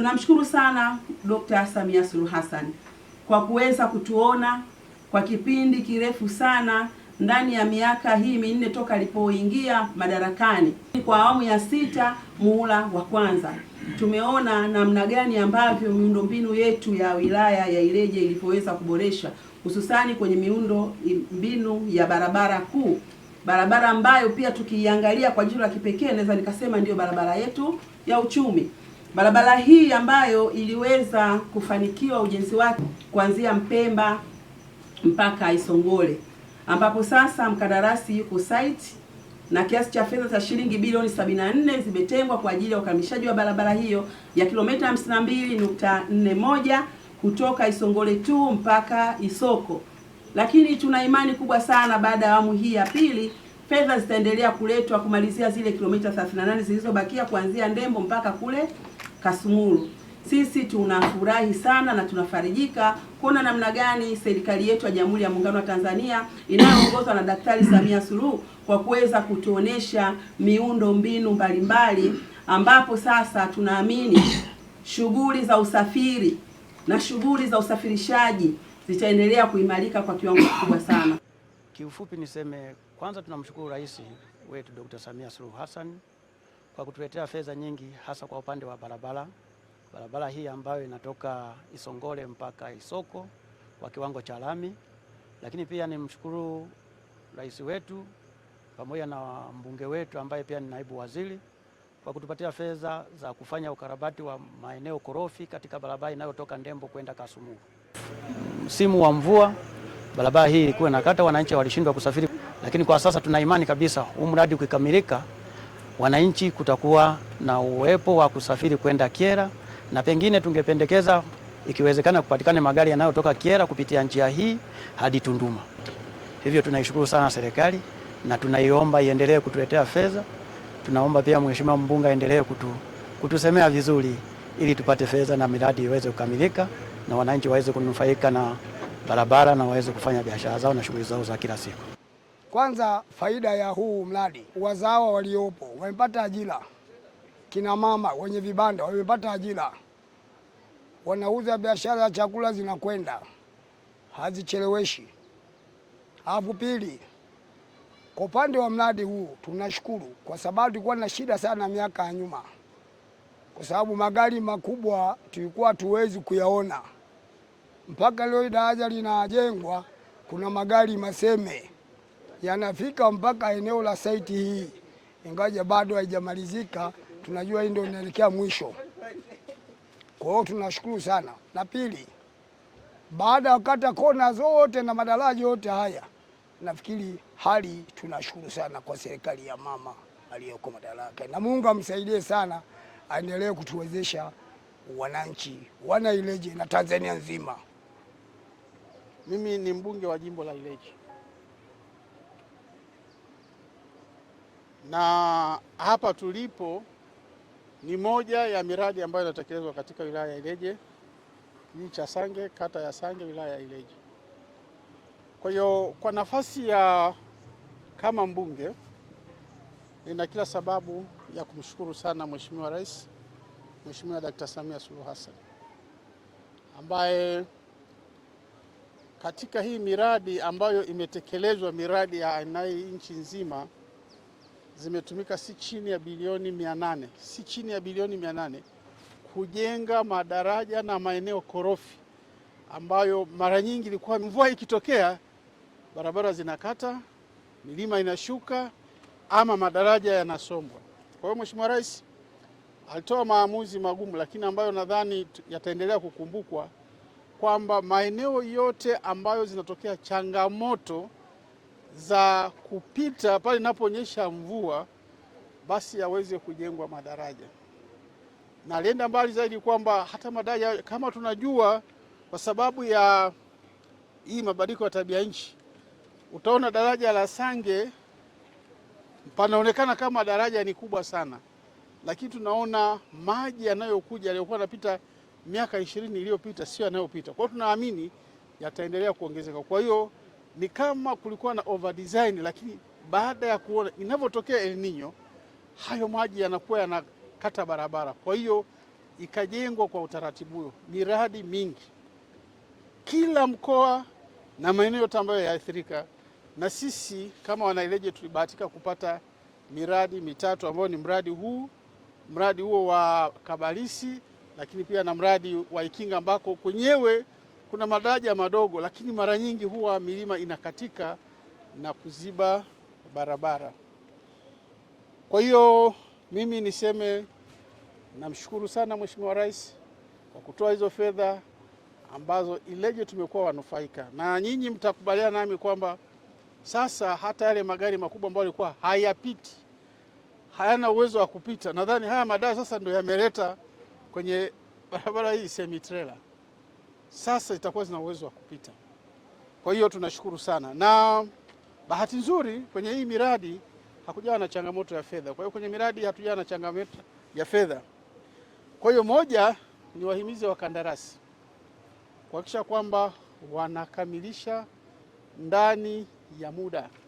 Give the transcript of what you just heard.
Tunamshukuru sana Dkt. Samia Suluhu Hassan kwa kuweza kutuona kwa kipindi kirefu sana ndani ya miaka hii minne toka alipoingia madarakani kwa awamu ya sita muhula wa kwanza. Tumeona namna gani ambavyo miundombinu yetu ya wilaya ya Ileje ilipoweza kuboresha hususani kwenye miundo mbinu ya barabara kuu, barabara ambayo pia tukiiangalia kwa jicho la kipekee naweza nikasema ndiyo barabara yetu ya uchumi. Barabara hii ambayo iliweza kufanikiwa ujenzi wake kuanzia Mpemba mpaka Isongole, ambapo sasa mkandarasi yuko site na kiasi cha fedha za shilingi bilioni 74 zimetengwa kwa ajili ya ukamilishaji wa barabara hiyo ya kilomita 52.41 kutoka Isongole tu mpaka Isoko. Lakini tuna imani kubwa sana baada ya awamu hii ya pili fedha zitaendelea kuletwa kumalizia zile kilomita 38 zilizobakia kuanzia Ndembo mpaka kule Kasumulu. Sisi tunafurahi sana na tunafarijika kuona namna gani serikali yetu ya Jamhuri ya Muungano wa Tanzania inayoongozwa na Daktari Samia Suluhu kwa kuweza kutuonesha miundo mbinu mbalimbali, ambapo sasa tunaamini shughuli za usafiri na shughuli za usafirishaji zitaendelea kuimarika kwa kiwango kikubwa sana. Kiufupi niseme kwanza, tunamshukuru rais wetu Dr. Samia Suluhu Hassan kwa kutuletea fedha nyingi, hasa kwa upande wa barabara. Barabara hii ambayo inatoka Isongole mpaka Isoko kwa kiwango cha lami, lakini pia nimshukuru rais wetu pamoja na mbunge wetu ambaye pia ni naibu waziri kwa kutupatia fedha za kufanya ukarabati wa maeneo korofi katika barabara inayotoka Ndembo kwenda Kasumuru. Msimu wa mvua barabara hii ilikuwa inakata, wananchi walishindwa kusafiri, lakini kwa sasa tuna imani kabisa huu mradi ukikamilika wananchi kutakuwa na uwepo wa kusafiri kwenda Kyela, na pengine tungependekeza ikiwezekana kupatikana magari yanayotoka Kyela kupitia njia hii hadi Tunduma. Hivyo tunaishukuru sana serikali na tunaiomba iendelee kutuletea fedha. Tunaomba pia mheshimiwa mbunge aendelee kutu, kutusemea vizuri ili tupate fedha na miradi iweze kukamilika na wananchi waweze kunufaika na barabara na waweze kufanya biashara zao na shughuli zao za kila siku. Kwanza faida ya huu mradi, wazawa waliopo wamepata ajira, kina mama wenye vibanda wamepata ajira, wanauza biashara ya chakula zinakwenda, hazicheleweshi. Alafu pili, kwa upande wa mradi huu tunashukuru, kwa sababu tulikuwa na shida sana miaka ya nyuma, kwa sababu magari makubwa tulikuwa tuwezi kuyaona. Mpaka leo daraja linajengwa, kuna magari maseme yanafika mpaka eneo la saiti hii, ingaja bado haijamalizika. Tunajua hii ndio inaelekea mwisho, kwa hiyo tunashukuru sana. La pili, baada ya kata kona zote na madaraja yote haya, nafikiri hali tunashukuru sana kwa serikali ya mama aliyoko madaraka na Mungu amsaidie sana, aendelee kutuwezesha wananchi wana Ileje na Tanzania nzima. Mimi ni mbunge wa jimbo la Ileje. na hapa tulipo ni moja ya miradi ambayo inatekelezwa katika wilaya ya Ileje, kijiji cha Sange, kata ya Sange, wilaya ya Ileje. Kwa hiyo kwa nafasi ya kama mbunge, nina kila sababu ya kumshukuru sana Mheshimiwa Rais, Mheshimiwa Dkt. Samia Suluhu Hassan ambaye katika hii miradi ambayo imetekelezwa miradi ya nchi nzima zimetumika si chini ya bilioni mia nane si chini ya bilioni mia nane kujenga madaraja na maeneo korofi ambayo mara nyingi ilikuwa mvua ikitokea barabara zinakata, milima inashuka ama madaraja yanasombwa. Kwa hiyo Mheshimiwa Rais alitoa maamuzi magumu, lakini ambayo nadhani yataendelea kukumbukwa kwamba maeneo yote ambayo zinatokea changamoto za kupita pale inapoonyesha mvua, basi yaweze kujengwa madaraja, na alienda mbali zaidi kwamba hata madaraja kama tunajua, kwa sababu ya hii mabadiliko ya tabia nchi, utaona daraja la Sange panaonekana kama daraja ni kubwa sana, lakini tunaona maji yanayokuja yaliyokuwa yanapita miaka ishirini iliyopita sio yanayopita. Kwa hiyo tunaamini yataendelea kuongezeka, kwa hiyo ni kama kulikuwa na over design, lakini baada ya kuona inavyotokea El Nino, hayo maji yanakuwa yanakata barabara. Kwa hiyo ikajengwa kwa utaratibu huo miradi mingi kila mkoa na maeneo yote ambayo yaathirika. Na sisi kama Wanaileje tulibahatika kupata miradi mitatu ambayo ni mradi huu, mradi huo wa Kabalisi, lakini pia na mradi wa Ikinga ambako kwenyewe kuna madaraja madogo, lakini mara nyingi huwa milima inakatika na kuziba barabara. Kwa hiyo mimi niseme namshukuru sana Mheshimiwa Rais kwa kutoa hizo fedha ambazo Ileje tumekuwa wanufaika, na nyinyi mtakubaliana nami kwamba sasa hata yale magari makubwa ambayo yalikuwa hayapiti, hayana uwezo wa kupita, nadhani haya madaraja sasa ndio yameleta kwenye barabara hii semi trailer sasa zitakuwa zina uwezo wa kupita. Kwa hiyo tunashukuru sana, na bahati nzuri kwenye hii miradi hakujawa na changamoto ya fedha. Kwa hiyo kwenye miradi hatujawa na changamoto ya fedha. Kwa hiyo moja ni wahimize wakandarasi kuhakikisha kwamba wanakamilisha ndani ya muda.